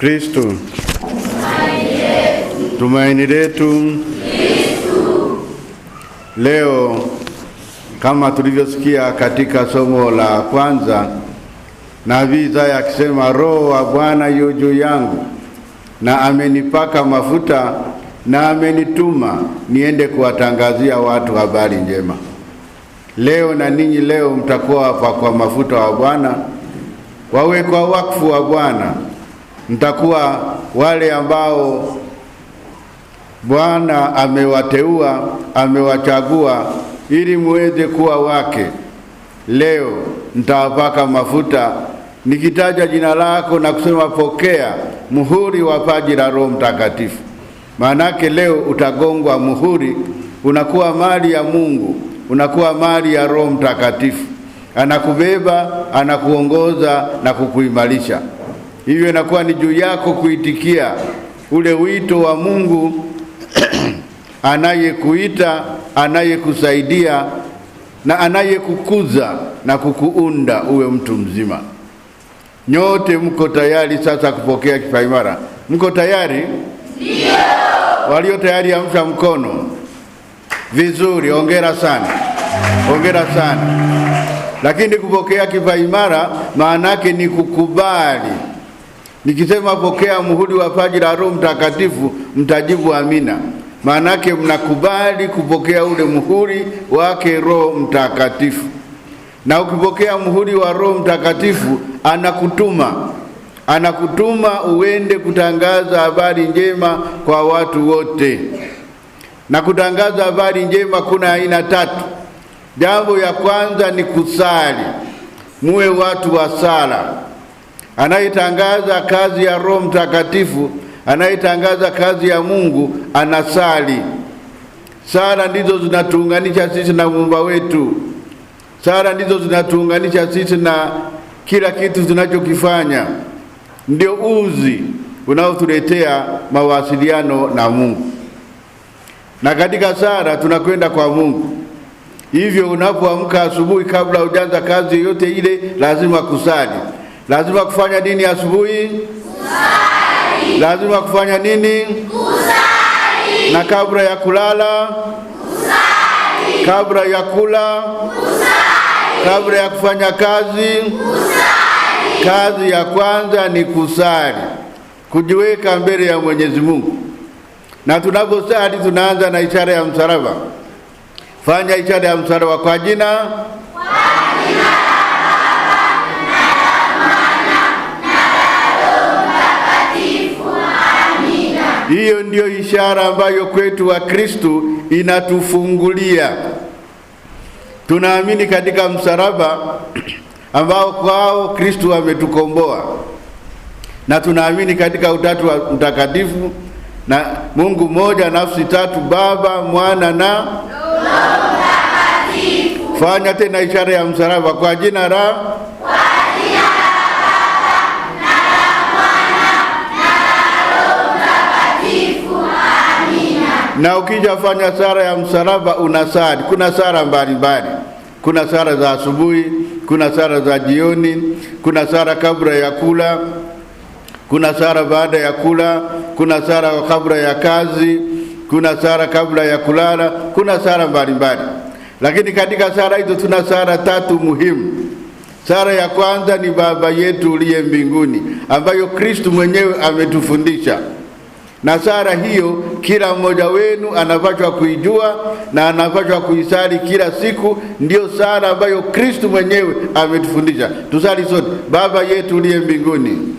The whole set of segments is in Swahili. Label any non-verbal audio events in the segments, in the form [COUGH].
Kristo. Tumaini letu. Leo kama tulivyosikia katika somo la kwanza, nabii Isaya akisema, Roho wa Bwana yu juu yangu, na amenipaka mafuta na amenituma niende kuwatangazia watu habari njema. Leo na ninyi leo mtakuwa hapa kwa mafuta wa Bwana, wawekwa wakfu wa Bwana mtakuwa wale ambao Bwana amewateua, amewachagua ili muweze kuwa wake. Leo nitawapaka mafuta nikitaja jina lako na kusema pokea muhuri wa paji la Roho Mtakatifu. Maanake leo utagongwa muhuri, unakuwa mali ya Mungu, unakuwa mali ya Roho Mtakatifu. Anakubeba, anakuongoza na kukuimarisha. Hivyo inakuwa ni juu yako kuitikia ule wito wa Mungu [CLEARS THROAT] anayekuita, anayekusaidia na anayekukuza na kukuunda uwe mtu mzima. Nyote mko tayari sasa kupokea kipaimara? Mko tayari? Ndio. Walio tayari amsha mkono. Vizuri, ongera sana, ongera sana. Lakini kupokea kipaimara maana yake ni kukubali Nikisema pokea muhuri wa paji la Roho Mtakatifu, mtajibu amina. Maanake mnakubali kupokea ule muhuri wake Roho Mtakatifu. Na ukipokea muhuri wa Roho Mtakatifu, anakutuma anakutuma uende kutangaza habari njema kwa watu wote. Na kutangaza habari njema kuna aina tatu. Jambo ya kwanza ni kusali, muwe watu wa sala. Anayetangaza kazi ya Roho Mtakatifu, anayetangaza kazi ya Mungu anasali. Sala ndizo zinatuunganisha sisi na muumba wetu. Sala ndizo zinatuunganisha sisi na kila kitu tunachokifanya. Ndio uzi unaotuletea mawasiliano na Mungu, na katika sala tunakwenda kwa Mungu. Hivyo unapoamka asubuhi, kabla hujaanza kazi yoyote ile, lazima kusali. Lazima kufanya nini asubuhi? Lazima kufanya nini? Kusali. Na kabla ya kulala? Kusali. Kabla ya kula? Kusali. Kabla ya kufanya kazi? Kusali. Kazi ya kwanza ni kusali, kujiweka mbele ya Mwenyezi Mungu. Na tunaposali tunaanza na ishara ya msalaba. Fanya ishara ya msalaba kwa jina Hiyo ndiyo ishara ambayo kwetu wa Kristo inatufungulia. Tunaamini katika msalaba ambao kwao Kristo ametukomboa, na tunaamini katika utatu wa mtakatifu na Mungu mmoja, nafsi tatu, Baba, Mwana na Roho Mtakatifu. Fanya tena ishara ya msalaba kwa jina la na ukija fanya sara ya msalaba unasali. Kuna sara mbalimbali, kuna sara za asubuhi, kuna sara za jioni, kuna sara kabla ya kula, kuna sara baada ya kula, kuna sara kabla ya kazi, kuna sara kabla ya kulala, kuna sara mbalimbali. Lakini katika sara hizo tuna sara tatu muhimu. sara ya kwanza ni Baba yetu uliye mbinguni, ambayo Kristu mwenyewe ametufundisha na sara hiyo kila mmoja wenu anapaswa kuijua na anapaswa kuisali kila siku. Ndiyo sala ambayo Kristu mwenyewe ametufundisha tusali sote. Baba yetu uliye mbinguni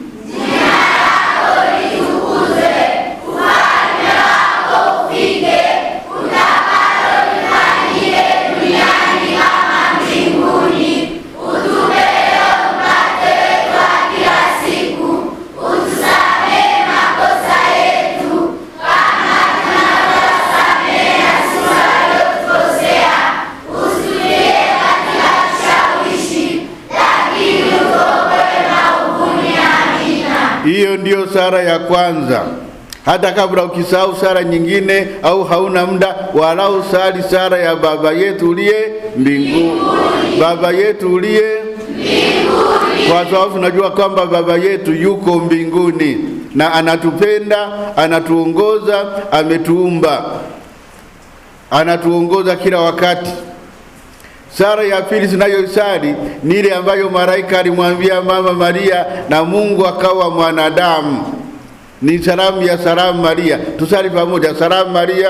sara ya kwanza, hata kabla ukisahau sara nyingine au hauna muda, walau sali sara ya Baba yetu uliye mbinguni. Baba yetu uliye mbinguni, kwa sababu tunajua kwamba Baba yetu yuko mbinguni na anatupenda, anatuongoza, ametuumba, anatuongoza kila wakati. Sara ya pili tunayoisali ni ile ambayo malaika alimwambia Mama Maria na Mungu akawa mwanadamu. Ni salamu ya salamu Maria, tusali pamoja. Salamu Maria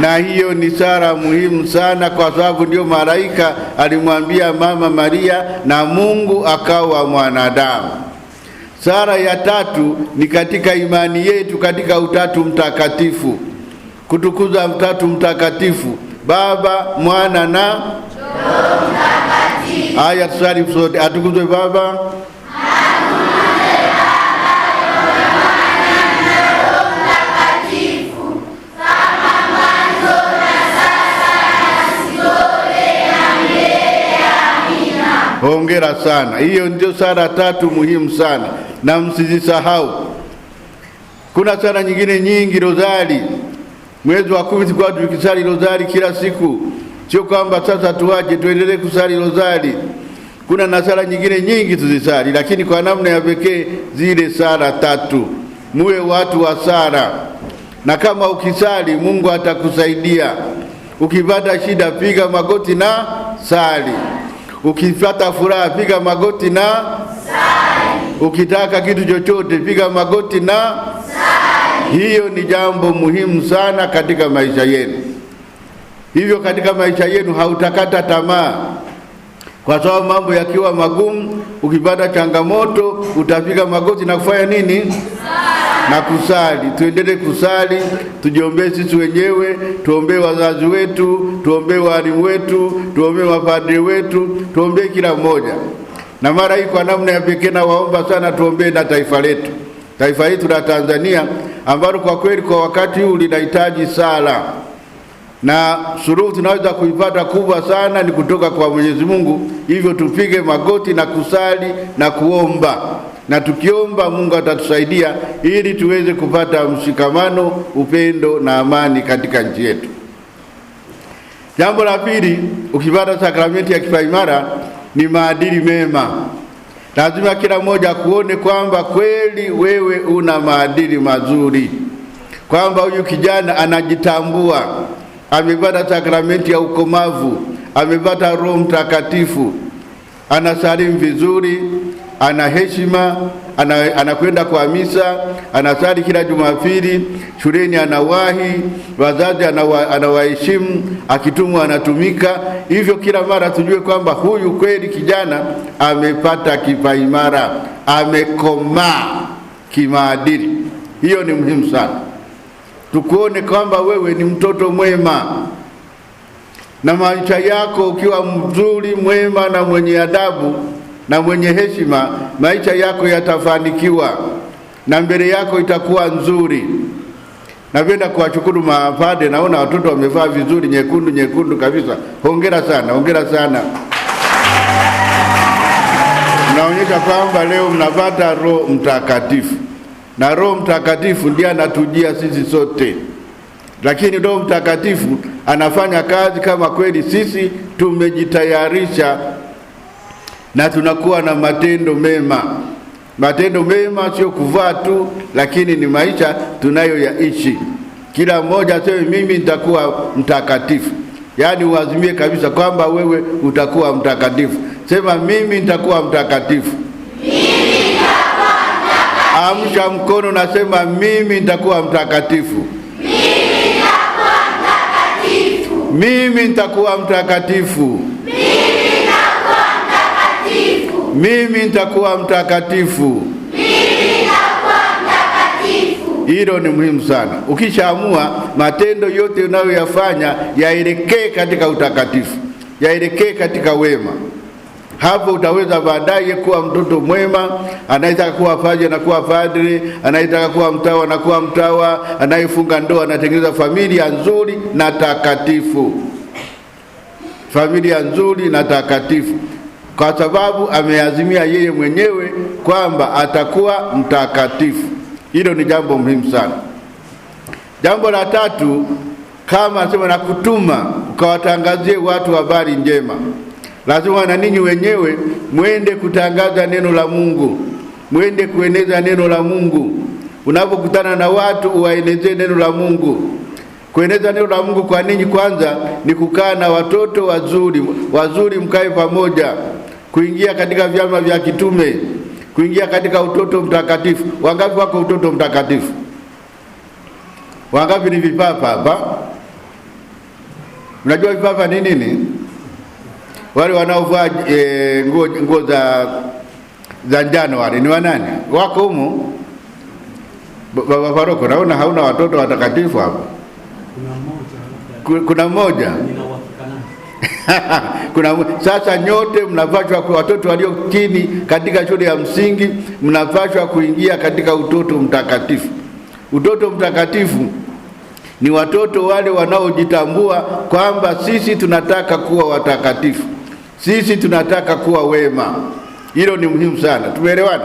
na hiyo ni sara muhimu sana, kwa sababu ndio malaika alimwambia mama Maria na Mungu akawa mwanadamu. sara ya tatu ni katika imani yetu katika Utatu Mtakatifu, kutukuza Utatu Mtakatifu, Baba, Mwana na Roho Mtakatifu. Haya, tusali sote, atukuzwe Baba Hongera sana. Hiyo ndio sara tatu muhimu sana, na msizisahau. Kuna sara nyingine nyingi, rozari. Mwezi wa kumi tulikuwa tukisali rozari kila siku, sio kwamba sasa tuwaje tuendelee kusali rozari. Kuna na sala nyingine nyingi tuzisali, lakini kwa namna ya pekee zile sala tatu, muwe watu wa sala, na kama ukisali Mungu atakusaidia. Ukipata shida, piga magoti na sali. Ukipata furaha piga magoti na sali. Ukitaka kitu chochote piga magoti na sali. Hiyo ni jambo muhimu sana katika maisha yenu. Hivyo katika maisha yenu hautakata tamaa, kwa sababu mambo yakiwa magumu, ukipata changamoto utapiga magoti na kufanya nini? Sali na kusali. Tuendelee kusali, tujiombee sisi wenyewe, tuombee wazazi wetu, tuombee walimu wetu, tuombee mapadri wetu, tuombee kila mmoja. Na mara hii kwa namna ya pekee nawaomba sana, tuombee na taifa letu, taifa letu la Tanzania ambalo kwa kweli kwa wakati huu linahitaji sala na suluhu tunaweza kuipata kubwa sana ni kutoka kwa Mwenyezi Mungu. Hivyo tupige magoti na kusali na kuomba na tukiomba Mungu atatusaidia ili tuweze kupata mshikamano, upendo na amani katika nchi yetu. Jambo la pili, ukipata sakramenti ya kipaimara ni maadili mema. Lazima kila mmoja kuone kwamba kweli wewe una maadili mazuri, kwamba huyu kijana anajitambua, amepata sakramenti ya ukomavu, amepata Roho Mtakatifu, anasalimu vizuri ana heshima, anakwenda ana kwa misa, anasali kila Jumapili, shuleni anawahi, wazazi anawaheshimu, ana akitumwa anatumika. Hivyo kila mara tujue kwamba huyu kweli kijana amepata kipaimara, amekomaa kimaadili. Hiyo ni muhimu sana, tukuone kwamba wewe ni mtoto mwema na maisha yako ukiwa mzuri, mwema na mwenye adabu na mwenye heshima, maisha yako yatafanikiwa na mbele yako itakuwa nzuri. Napenda kuwashukuru mapadre, naona watoto wamevaa vizuri, nyekundu nyekundu kabisa. Hongera sana, hongera sana naonyesha kwamba leo mnapata Roho Mtakatifu na Roho Mtakatifu ndiye anatujia sisi sote, lakini Roho Mtakatifu anafanya kazi kama kweli sisi tumejitayarisha na tunakuwa na matendo mema. Matendo mema sio kuvaa tu, lakini ni maisha tunayoyaishi. Kila mmoja aseme mimi nitakuwa mtakatifu, yaani uazimie kabisa kwamba wewe utakuwa mtakatifu. Sema mimi nitakuwa mtakatifu. Amsha mkono, nasema mimi nitakuwa mtakatifu. Mimi nitakuwa mtakatifu. Mimi nitakuwa mtakatifu. Mimi nitakuwa mtakatifu. Hilo ni muhimu sana. Ukishaamua, matendo yote unayoyafanya yaelekee katika utakatifu, yaelekee katika wema. Hapo utaweza baadaye kuwa mtoto mwema, anayetaka kuwa padri anakuwa padri, anayetaka kuwa mtawa anakuwa mtawa, anayefunga ndoa anatengeneza familia nzuri na takatifu, familia nzuri na takatifu kwa sababu ameazimia yeye mwenyewe kwamba atakuwa mtakatifu. Hilo ni jambo muhimu sana. Jambo la tatu, kama anasema kutuma ukawatangazie watu habari njema, lazima na ninyi wenyewe mwende kutangaza neno la Mungu, mwende kueneza neno la Mungu. Unapokutana na watu, uwaenezee neno la Mungu. Kueneza neno la Mungu kwa ninyi, kwanza ni kukaa na watoto wazuri wazuri, mkae pamoja kuingia katika vyama vya kitume, kuingia katika utoto mtakatifu. Wangapi wako utoto mtakatifu? Wangapi ni vipapa hapa? unajua vipapa ni nini? Wale wanaovaa e, nguo, nguo za, za njano wale ni wanani? Wako humu Baba Paroko, naona hauna watoto watakatifu hapa. Kuna mmoja [LAUGHS] kuna sasa, nyote mnapashwa, kwa watoto walio chini katika shule ya msingi, mnapashwa kuingia katika utoto mtakatifu. Utoto mtakatifu ni watoto wale wanaojitambua kwamba sisi tunataka kuwa watakatifu, sisi tunataka kuwa wema. Hilo ni muhimu sana, tumeelewana?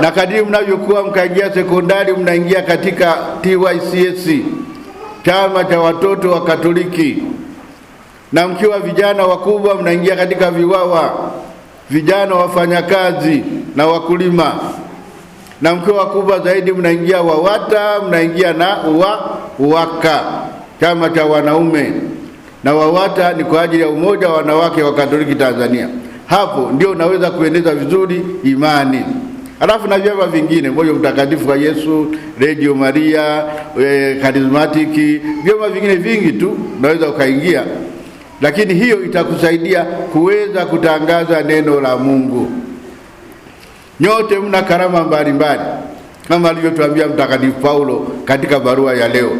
Na kadiri mnavyokuwa mkaingia sekondari, mnaingia katika TYCSC, chama cha watoto wa Katoliki na mkiwa vijana wakubwa mnaingia katika viwawa, vijana wafanyakazi na wakulima, na mkiwa wakubwa zaidi mnaingia WAWATA, mnaingia na UWAKA, chama cha wanaume, na WAWATA ni kwa ajili ya umoja wa wanawake wa Katoliki Tanzania. Hapo ndio unaweza kueneza vizuri imani halafu na vyama vingine, moyo mtakatifu wa Yesu, Radio Maria, e, eh, Karismatiki, vyama vingine vingi tu unaweza ukaingia lakini hiyo itakusaidia kuweza kutangaza neno la Mungu. Nyote mna karama mbalimbali kama alivyotuambia Mtakatifu Paulo katika barua ya leo,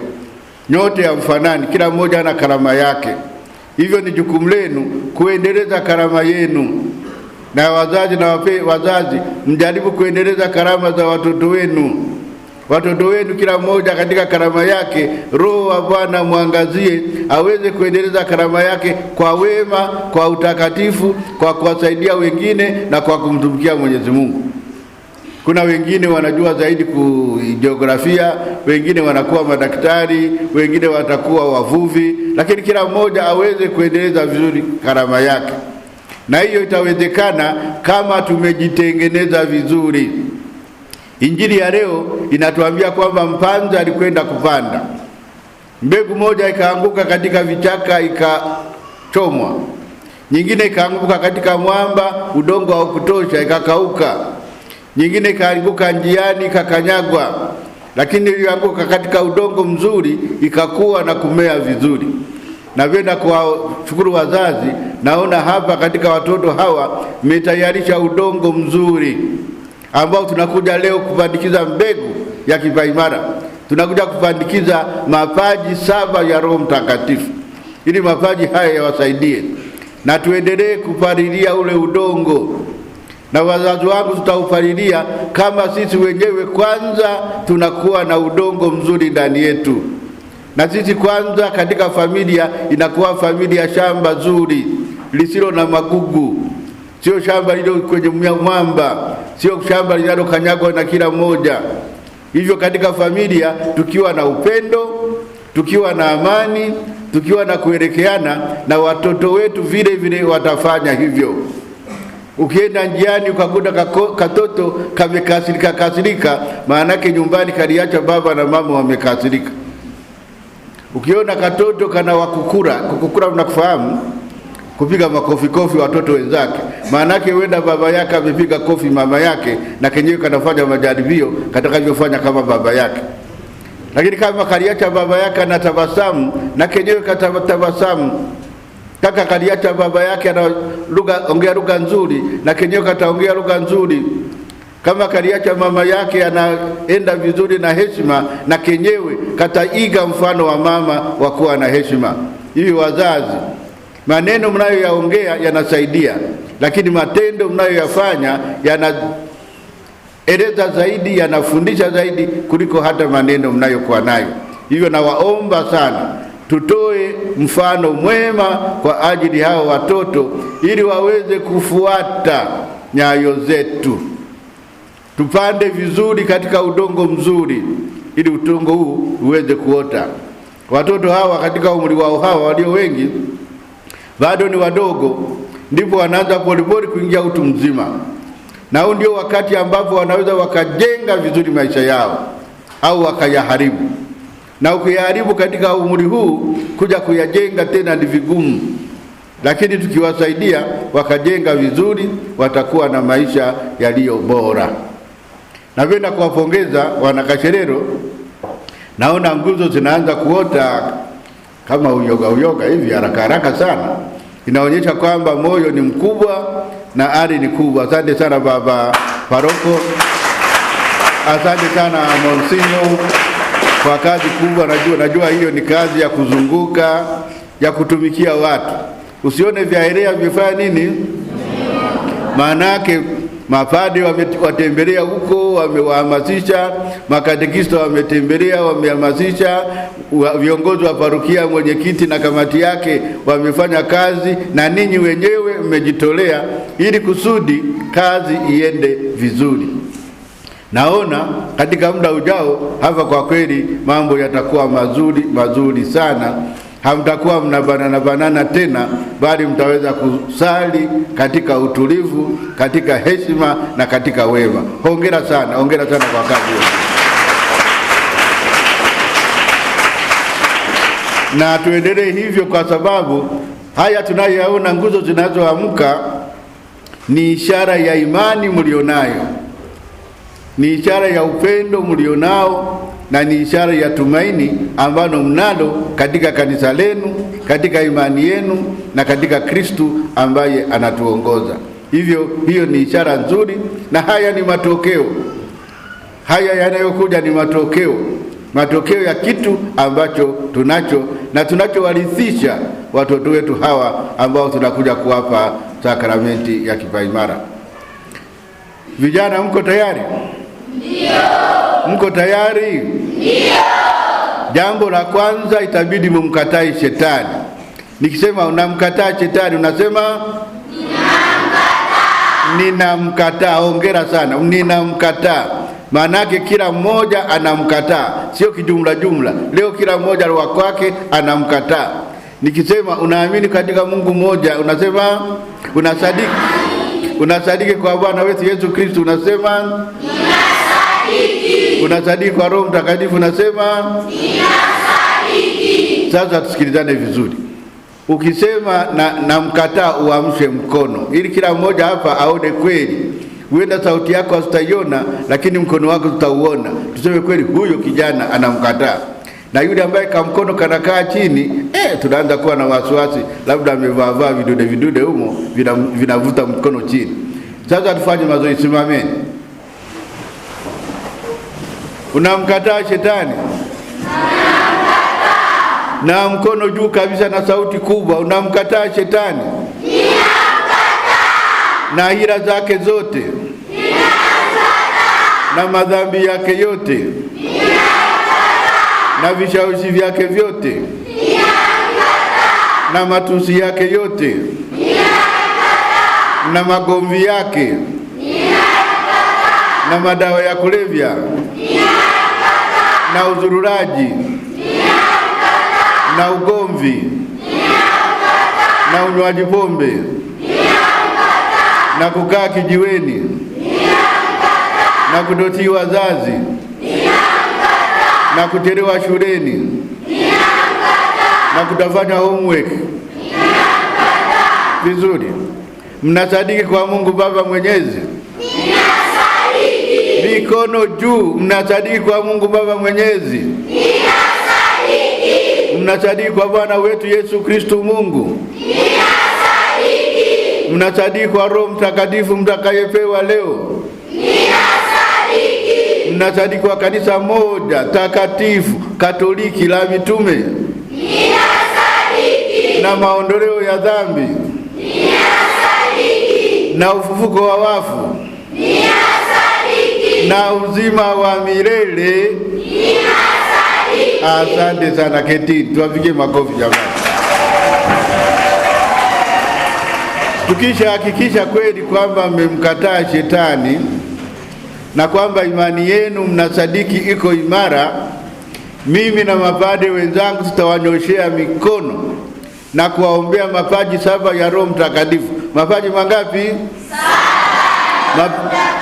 nyote hamfanani, kila mmoja ana karama yake. Hivyo ni jukumu lenu kuendeleza karama yenu, na wazazi na wape, wazazi mjaribu kuendeleza karama za watoto wenu watoto wenu, kila mmoja katika karama yake, Roho wa Bwana mwangazie, aweze kuendeleza karama yake kwa wema, kwa utakatifu, kwa kuwasaidia wengine na kwa kumtumikia Mwenyezi Mungu. Kuna wengine wanajua zaidi kujiografia, wengine wanakuwa madaktari, wengine watakuwa wavuvi, lakini kila mmoja aweze kuendeleza vizuri karama yake, na hiyo itawezekana kama tumejitengeneza vizuri. Injili ya leo inatuambia kwamba mpanzi alikwenda kupanda, mbegu moja ikaanguka katika vichaka ikachomwa, nyingine ikaanguka katika mwamba, udongo haukutosha ikakauka, nyingine ikaanguka njiani ikakanyagwa, lakini iliyoanguka katika udongo mzuri ikakua na kumea vizuri. Napenda kuwashukuru wazazi, naona hapa katika watoto hawa mmetayarisha udongo mzuri ambao tunakuja leo kupandikiza mbegu ya kipaimara, tunakuja kupandikiza mapaji saba ya Roho Mtakatifu ili mapaji haya yawasaidie, na tuendelee kupalilia ule udongo na wazazi wangu tutaupalilia kama sisi wenyewe kwanza tunakuwa na udongo mzuri ndani yetu, na sisi kwanza katika familia inakuwa familia shamba zuri lisilo na magugu, sio shamba lilo kwenye mwamba, sio shamba linalokanyagwa na kila mmoja. Hivyo katika familia tukiwa na upendo, tukiwa na amani, tukiwa na kuelekeana, na watoto wetu vile vile watafanya hivyo. Ukienda njiani ukakuta katoto kamekasirika kasirika, maanake nyumbani kaliacha baba na mama wamekasirika. Ukiona katoto kana wakukura kukukura, mnakufahamu kupiga makofi kofi watoto wenzake. Maana yake wenda baba yake amepiga kofi mama yake, na kenyewe kanafanya majaribio katakavyofanya kama baba yake. Lakini kama kaliacha baba yake anatabasamu, na kenyewe katatabasamu. Kaka kaliacha baba yake ana lugha ongea lugha nzuri, na kenyewe kataongea lugha nzuri. Kama kaliacha mama yake anaenda vizuri na heshima, na kenyewe kataiga mfano wa mama wa kuwa na heshima. Hivi wazazi Maneno mnayoyaongea yanasaidia, lakini matendo mnayoyafanya yanaeleza zaidi, yanafundisha zaidi kuliko hata maneno mnayokuwa nayo. Hivyo nawaomba sana tutoe mfano mwema kwa ajili hao watoto ili waweze kufuata nyayo zetu. Tupande vizuri katika udongo mzuri ili udongo huu uweze kuota. Watoto hawa katika umri wao hawa walio wengi bado ni wadogo, ndipo wanaanza polepole kuingia utu mzima, na huu ndio wakati ambapo wanaweza wakajenga vizuri maisha yao au wakayaharibu. Na ukiyaharibu katika umri huu, kuja kuyajenga tena ni vigumu, lakini tukiwasaidia wakajenga vizuri, watakuwa na maisha yaliyo bora. Napenda kuwapongeza Wanakasherero, naona nguzo zinaanza kuota kama uyoga uyoga hivi haraka haraka sana inaonyesha kwamba moyo ni mkubwa na ari ni kubwa. Asante sana baba paroko, asante sana monsinyo kwa kazi kubwa. Najua, najua hiyo ni kazi ya kuzunguka ya kutumikia watu. Usione vyaelea vimefanya nini, maana yake Mapade wamewatembelea huko, wamewahamasisha. Makatekista wametembelea, wamehamasisha. Viongozi wa parukia mwenyekiti na kamati yake wamefanya kazi, na ninyi wenyewe mmejitolea ili kusudi kazi iende vizuri. Naona katika muda ujao hapa, kwa kweli mambo yatakuwa mazuri mazuri sana hamtakuwa mnabanana banana tena, bali mtaweza kusali katika utulivu, katika heshima na katika wema. Hongera sana, hongera sana kwa kazi na tuendelee hivyo, kwa sababu haya tunayoyaona, nguzo zinazoamka ni ishara ya imani mlionayo, ni ishara ya upendo mlionao na ni ishara ya tumaini ambalo mnalo katika kanisa lenu, katika imani yenu na katika Kristu ambaye anatuongoza. Hivyo hiyo ni ishara nzuri, na haya ni matokeo. Haya yanayokuja ni matokeo, matokeo ya kitu ambacho tunacho na tunachowarithisha watoto wetu hawa ambao tunakuja kuwapa sakramenti ya kipaimara. Vijana, mko tayari? Ndio. Mko tayari? Ndio. Jambo la kwanza itabidi mumkatai shetani. Nikisema unamkataa shetani, unasema ninamkataa. Ninamkataa. Hongera sana, ninamkataa. Maanake kila mmoja anamkataa, sio kijumla jumla. Leo kila mmoja wa kwake anamkataa. Nikisema unaamini katika Mungu mmoja, unasema unasadiki, unasadiki kwa Bwana wetu Yesu Kristo, unasema Nina unasadiki kwa Roho Mtakatifu? Nasema ninasadiki. Sasa tusikilizane vizuri. Ukisema na, na uamshe mkono, ili kila mmoja hapa aone kweli. Huenda sauti yako hatutaiona, lakini mkono wako tutauona, tuseme kweli, huyo kijana anamkataa na yule ambaye kamkono kanakaa chini eh, tunaanza kuwa na wasiwasi, labda amevaavaa vidude vidude humo vinavuta vina mkono chini. Sasa tufanye mazoezi, simameni. Unamkataa shetani? Na mkono juu kabisa na sauti kubwa, unamkataa shetani? Na hila zake zote? Na madhambi yake yote? Na vishawishi vyake vyote? Na matusi yake yote? Na magomvi yake? Na madawa ya kulevya? na udhururaji na ugomvi na unywaji pombe na kukaa kijiweni na kutotii wazazi na kuterewa shuleni na kutafanya homework vizuri. Mnasadiki kwa Mungu Baba Mwenyezi? Mikono juu. Mnasadiki kwa Mungu Baba Mwenyezi? Ninasadiki. Mnasadiki kwa Bwana wetu Yesu Kristu Mungu? Ninasadiki. Mnasadiki kwa Roho Mtakatifu mtakayepewa leo? Ninasadiki. Mnasadiki kwa kanisa moja takatifu Katoliki la mitume? Na maondoleo ya dhambi? Na ufufuko wa wafu? Ninasadiki na uzima wa milele. Asante sana, keti, tuwapigie makofi jamani. Tukishahakikisha kweli kwamba mmemkataa shetani na kwamba imani yenu mnasadiki iko imara, mimi na mapade wenzangu tutawanyoshea mikono na kuwaombea mapaji saba ya Roho Mtakatifu. Mapaji mangapi? Saba.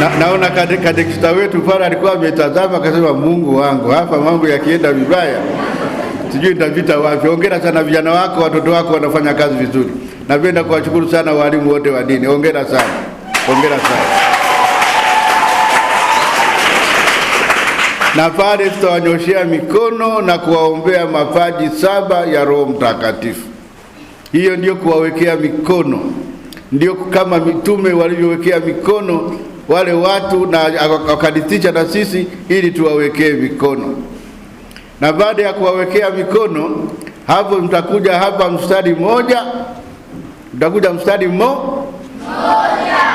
na, naona kadekista wetu pale alikuwa ametazama akasema, Mungu wangu, hapa mambo yakienda vibaya sijui nitapita wapi. Hongera sana vijana wako, watoto wako wanafanya kazi vizuri. Napenda kuwashukuru sana walimu wote wa dini, hongera sana, hongera sana. Na pale tutawanyoshea mikono na kuwaombea mapaji saba ya Roho Mtakatifu. Hiyo ndio kuwawekea mikono, ndio kama mitume walivyowekea mikono wale watu na wakadithicha na sisi ili tuwawekee mikono, na baada ya kuwawekea mikono hapo mtakuja hapa mstari mmoja, mtakuja mstari mo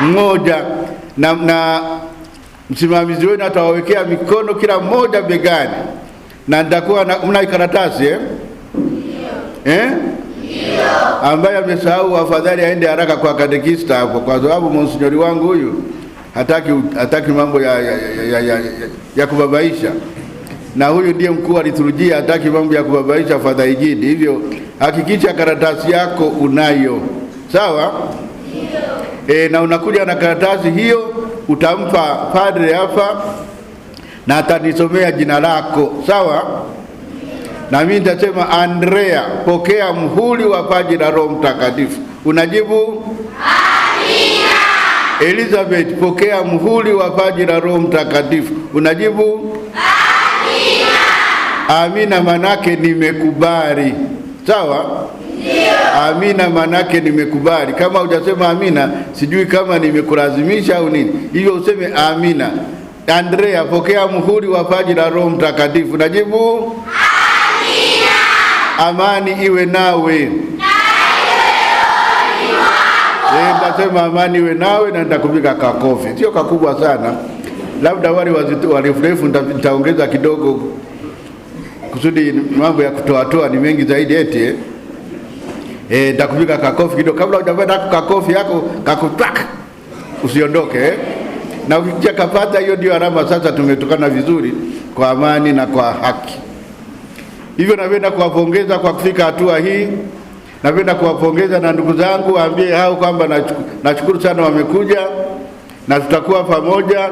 mmoja na, na msimamizi wenu atawawekea mikono kila mmoja begani, na nitakuwa mna karatasi eh? Eh? ambaye amesahau afadhali aende haraka kwa katekista hapo, kwa sababu monsinyori wangu huyu hataki, hataki mambo ya, ya, ya, ya, ya kubabaisha, na huyu ndiye mkuu wa liturujia, hataki mambo ya kubabaisha Fadha Igidi. Hivyo hakikisha karatasi yako unayo, sawa e, na unakuja na karatasi hiyo, utampa padre hapa na atanisomea jina lako, sawa na mimi nitasema Andrea, pokea mhuri wa paji la Roho Mtakatifu. Unajibu ah! Elizabeth, pokea muhuri wa paji la Roho Mtakatifu. Unajibu amina. Amina manake nimekubali. Sawa? Ndio. Amina manake nimekubali. Kama hujasema amina, sijui kama nimekulazimisha au nini. Hivyo useme amina. Andrea, pokea muhuri wa paji la Roho Mtakatifu. Unajibu amina. Amani iwe nawe nitasema amani iwe nawe, na nitakupika kakofi, sio kakubwa sana, labda wale warefurefu nitaongeza kidogo kusudi mambo ya kutoatoa ni mengi zaidi. Eti eh, eh nitakupika kakofi kidogo, kabla hujapata kakofi yako kakutaka usiondoke eh? na ukikia kapata hiyo, ndio alama sasa tumetokana vizuri kwa amani na kwa haki. Hivyo napenda kuwapongeza kwa kufika hatua hii. Napenda kuwapongeza na ndugu zangu, waambie hao kwamba nashukuru sana wamekuja, na tutakuwa pamoja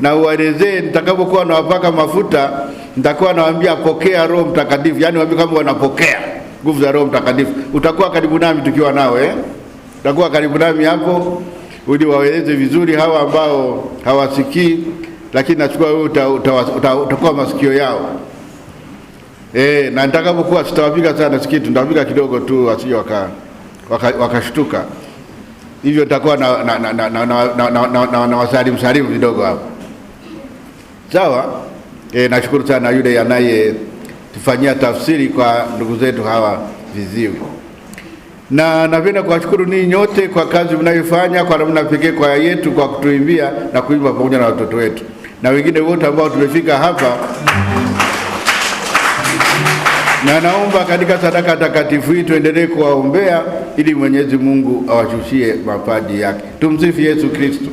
na uwaelezee. Nitakapokuwa nawapaka mafuta, nitakuwa nawaambia pokea Roho Mtakatifu, yaani waambie kwamba wanapokea nguvu za Roho Mtakatifu. Utakuwa karibu nami tukiwa nawe eh? Utakuwa karibu nami hapo uli waeleze vizuri hawa ambao hawasikii, lakini nachukua wewe utakuwa masikio yao e, na nitakapokuwa sitawapiga sana sikitu, tutawapiga kidogo tu wasije wakashtuka waka, waka hivyo nitakuwa na na na na na wasalimu salimu kidogo hapo, sawa. E, nashukuru sana yule anayetufanyia tafsiri kwa ndugu zetu hawa viziwi, na napenda kuwashukuru ninyi nyote kwa kazi mnayofanya kwa namna pekee kwa yetu kwa kutuimbia na kuimba pamoja na watoto wetu na wengine wote ambao tumefika hapa na naomba katika sadaka takatifu hii tuendelee kuwaombea ili Mwenyezi Mungu awashushie mapaji yake. Tumsifu Yesu Kristo.